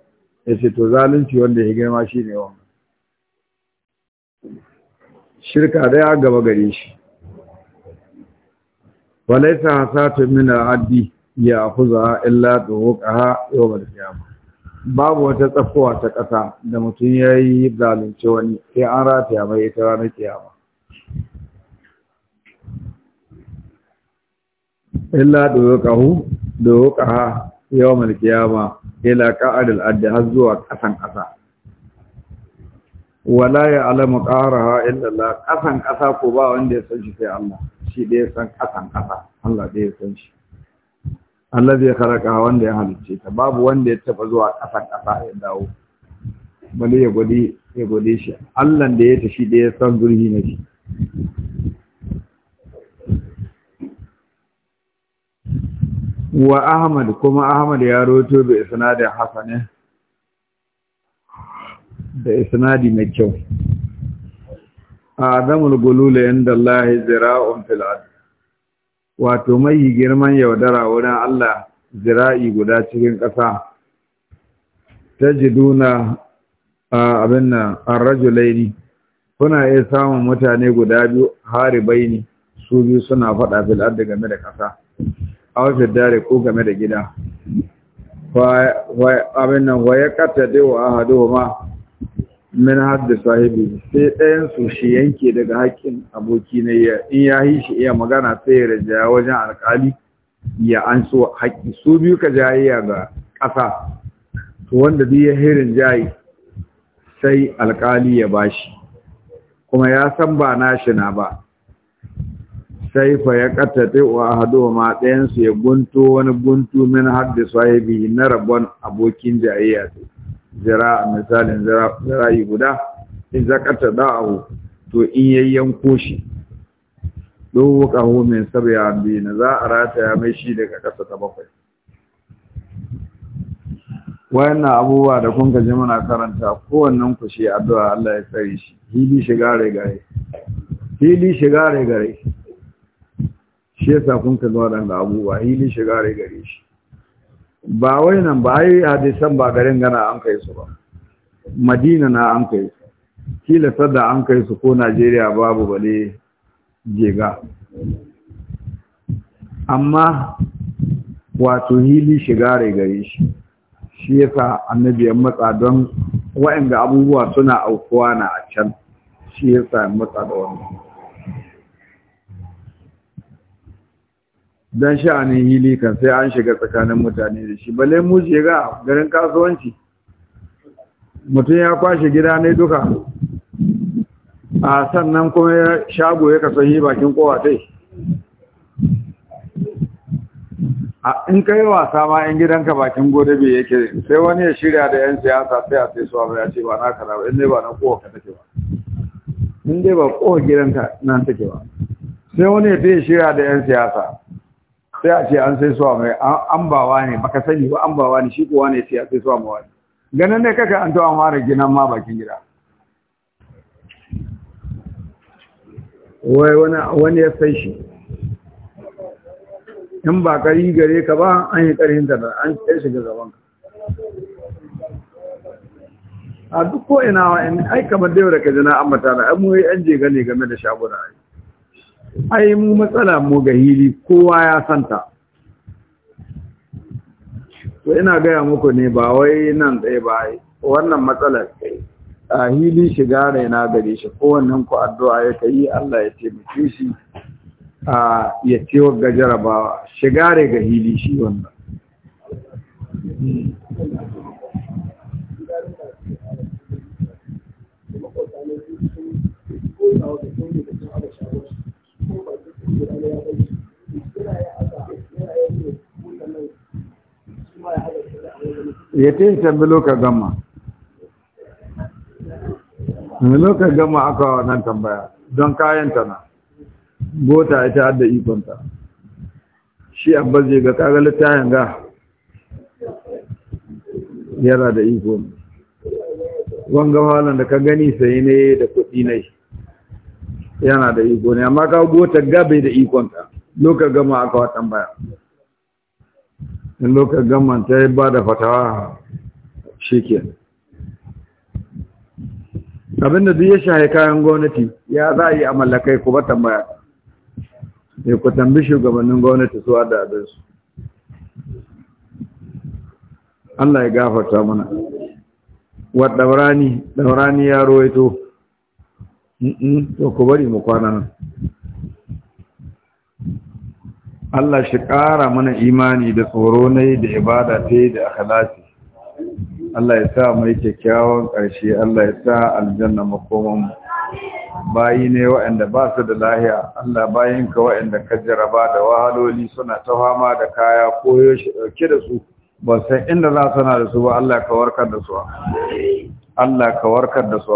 yace to zalunci wanda ya girma shi ne wannan shirka da ya gaba gare shi walaisa hasatu min al-addi ya akhudha illa tuqaha yawm al-qiyamah babu wata tsakowa ta ƙasa da mutum ya yi zalunci wani sai an rataya mai ita ranar kiyama illa doyokahu doyokaha yau malkiyama ila ka'adil adda har zuwa ƙasan ƙasa wala ya alamu ha illa ƙasan ƙasa ko ba wanda ya san shi sai Allah shi ɗaya san ƙasan ƙasa Allah ya san shi Allah zai karaka wanda ya halicce ta babu wanda ya taba zuwa ƙasan ƙasa ya dawo bale ya gode ya gode shi Allah da ya tashi da ya san zurhi na shi wa Ahmad kuma Ahmad ya roto bi isnadin hasanin da isnadi mai kyau azamul gulula inda Allah zira'un fil ard wato mai girman yaudara wurin Allah zira'i guda cikin ƙasa ta jiduna abin nan laini. kuna iya samun mutane guda biyu hari bai ne su biyu suna faɗa filar da game da ƙasa a wajen dare ko game da gida abin nan waya ya dewa a wa ma min hadda sahibi sai ɗayan su shi yanke daga haƙƙin aboki na ya in ya yi shi iya magana sai ya rajaya wajen alƙali ya an so haƙƙi su biyu ka jayayya ga ƙasa to wanda duk ya hirin jayi sai alƙali ya bashi kuma ya san ba nashi na ba sai fa ya kattace wa ahadu ma ɗayansu ya gunto wani guntu min hadda sahibi na rabon abokin jayayya sai zira misalin zira'i guda in zakata da'ahu to in yanko shi ɗaukahu min sabya na za a rataya mai shi daga kasa ta bakwai wayannan abubuwa da kun gaji muna karanta kowannen ku shi addu'a Allah ya tsare shi hili shiga rai gare hili shiga rai gare shi yasa kun ka zo da abubuwa hili shiga rai gare shi ba wai nan ba yi hadisan ba garin gana an kai su ba madina na an kai su kila sadda an kai su ko najeriya babu bale jega amma wato hili shiga rai gare shi shi yasa annabi ya matsa don ga abubuwa suna aukuwa na a can shi yasa matsa da wannan don sha'anin hili kan sai an shiga tsakanin mutane da shi balle mu je ga garin kasuwanci mutum ya kwashe gida ne duka a sannan kuma ya shago ya kaso yi bakin kowa tai a in kai wasa ma in gidanka bakin gode yake sai wani ya shirya da yan siyasa sai a sai su abu ya ce ba na kana in dai ba na kowa ka take ba in dai ba kowa gidanka nan take ba sai wani ya shirya da yan siyasa sai a ce an sai suwa mai an bawa ne baka sani ba an bawa ne shi kuwa ne sai a sai suwa mawani ganin ne kaka an tawa mara ginan ma bakin gida wai wani ya sai shi in ba kari gare ka ba an yi karin da an sai shiga gaban ka a duk ko ina wa ai kamar da da ka jina an mata da mu yi an je gane game da shaguna ai ai mu matsala mu ga hili kowa ya santa to ina gaya muku ne ba wai nan tsaye ba wannan matsalar a hili shiga ne na gare shi kowannen ku addu'a ya kai Allah ya taimake shi a ya ce ga jarabawa shiga ga hili shi wannan yatin tambilo ka gama tambilo ka gama aka wannan tambaya don kayan ta na gota ita har da ikonta shi abba zai ga kaga littafin ga yana da iko wanga halin da ka gani sai ne da kuɗi ne yana da iko ne amma ka gota gabe da ikonta lokacin gama aka wa tambaya in lokacin gaman ta yi ba da fatawa shi ke abinda duk ya shahi kayan gwamnati ya za a yi a mallakai ku ba tambaya ne eh, ku tambi shugabannin gwamnati su da su. Allah ya gafarta mana wa daurani daurani ya roito to ku bari mu kwana nan Allah shi ƙara mana imani da tsoro yi da ibada ta yi da akhlasi Allah ya sa mai kyakkyawan ƙarshe Allah ya sa aljanna makoman bayi ne wa’anda ba su da lahiya Allah bayinka waanda ka jaraba da wahaloli suna ta fama da kaya ko yaushe ɗauke da su ba san inda za na da su ba Allah ka warkar da su Allah ka warkar da su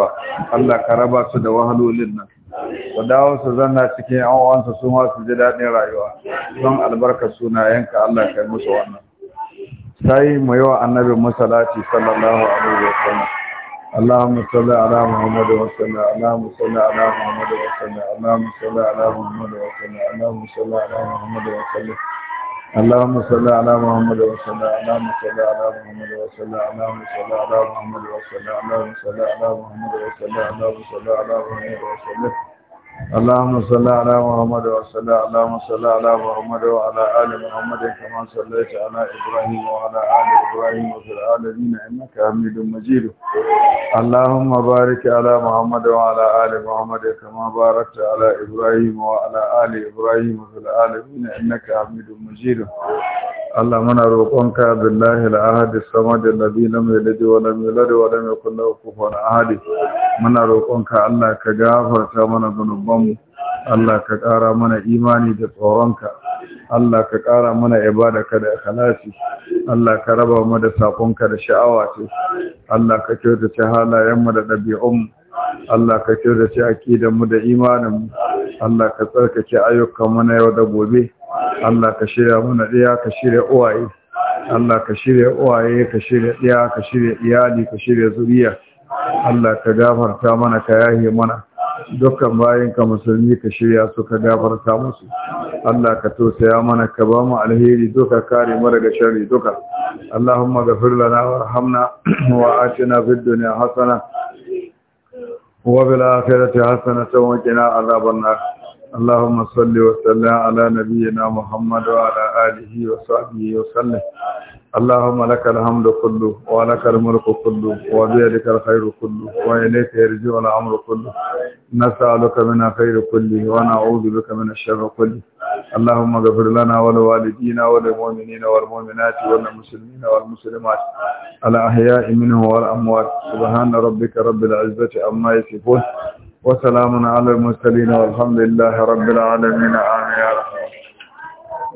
Allah ka raba su da wahalolin nan ku dawo su zanna cikin yan uwansu su ma su ji daɗin rayuwa don albarka sunayenka Allah kai musu wannan sai mu yi wa annabi musalati sallallahu alaihi wa sallam اللهم صل على محمد وسلم اللهم صل على محمد وسلم اللهم صل على محمد وسلم اللهم صل على محمد وسلم اللهم صل على محمد وسلم اللهم صل على محمد وسلم اللهم صل على محمد وسلم اللهم صل على محمد وسلم اللهم صل على محمد وسلم اللهم صل على محمد وصلى اللهم صل على محمد وعلى ال محمد كما صليت على ابراهيم وعلى ال ابراهيم في العالمين انك حميد مجيد اللهم بارك على محمد وعلى ال محمد كما باركت على ابراهيم وعلى ال ابراهيم في العالمين انك حميد مجيد Allah muna roƙonka billahi al Ahadi, sama samad alladhi mai yalid wa lam yulad wa lam yakul lahu kufuwan ahad muna roƙonka Allah ka gafarta mana zunubanmu Allah ka ƙara mana imani da tsoronka Allah ka ƙara mana ibada da ikhlasi Allah ka raba mu da sakonka da sha'awa ce Allah ka kyautata halayenmu da ɗabi'unmu Allah ka kyautace akidan mu da imanin mu Allah ka tsarkake ayyukan mu na yau da gobe Allah ka shirya mu na ɗaya ka shirya uwaye Allah ka shirya uwaye ka shirya ɗaya ka shirya iyali ka shirya zuriya Allah ka gafarta mana ka yahe mana dukkan ka musulmi ka shirya su ka gafarta musu Allah ka tausaya mana ka ba mu alheri duka kare mu daga sharri duka Allahumma ghafir lana warhamna wa atina fid dunya hasana وبالآخرة حسنة وقنا عذاب النار اللهم صل وسلم على نبينا محمد وعلى آله وصحبه وسلم اللهم لك الحمد كله ولك الملك كله وبيدك الخير كله وإليك يرجع الأمر كله نسألك من خير كله ونعوذ بك من الشر كله اللهم اغفر لنا ولوالدينا وللمؤمنين والمؤمنات والمسلمين والمسلمات الأحياء منه والأموات سبحان ربك رب العزة عما يصفون وسلام على المرسلين والحمد لله رب العالمين آمين يا رحمن